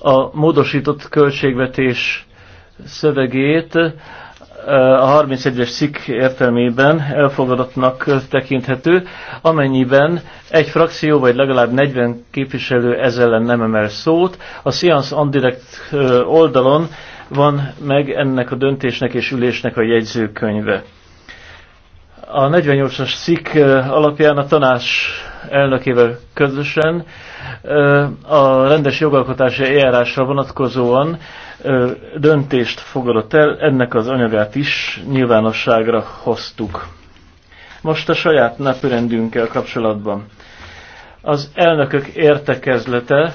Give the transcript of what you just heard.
a módosított költségvetés szövegét eh, a 31-es cikk értelmében elfogadottnak tekinthető, amennyiben egy frakció vagy legalább 40 képviselő ezzel ellen nem emel szót. A Science on Direct eh, oldalon van meg ennek a döntésnek és ülésnek a jegyzőkönyve. A 48-as szik eh, alapján a tanács elnökével közösen a rendes jogalkotási eljárásra vonatkozóan döntést fogadott el, ennek az anyagát is nyilvánosságra hoztuk. Most a saját napirendünkkel kapcsolatban. Az elnökök értekezlete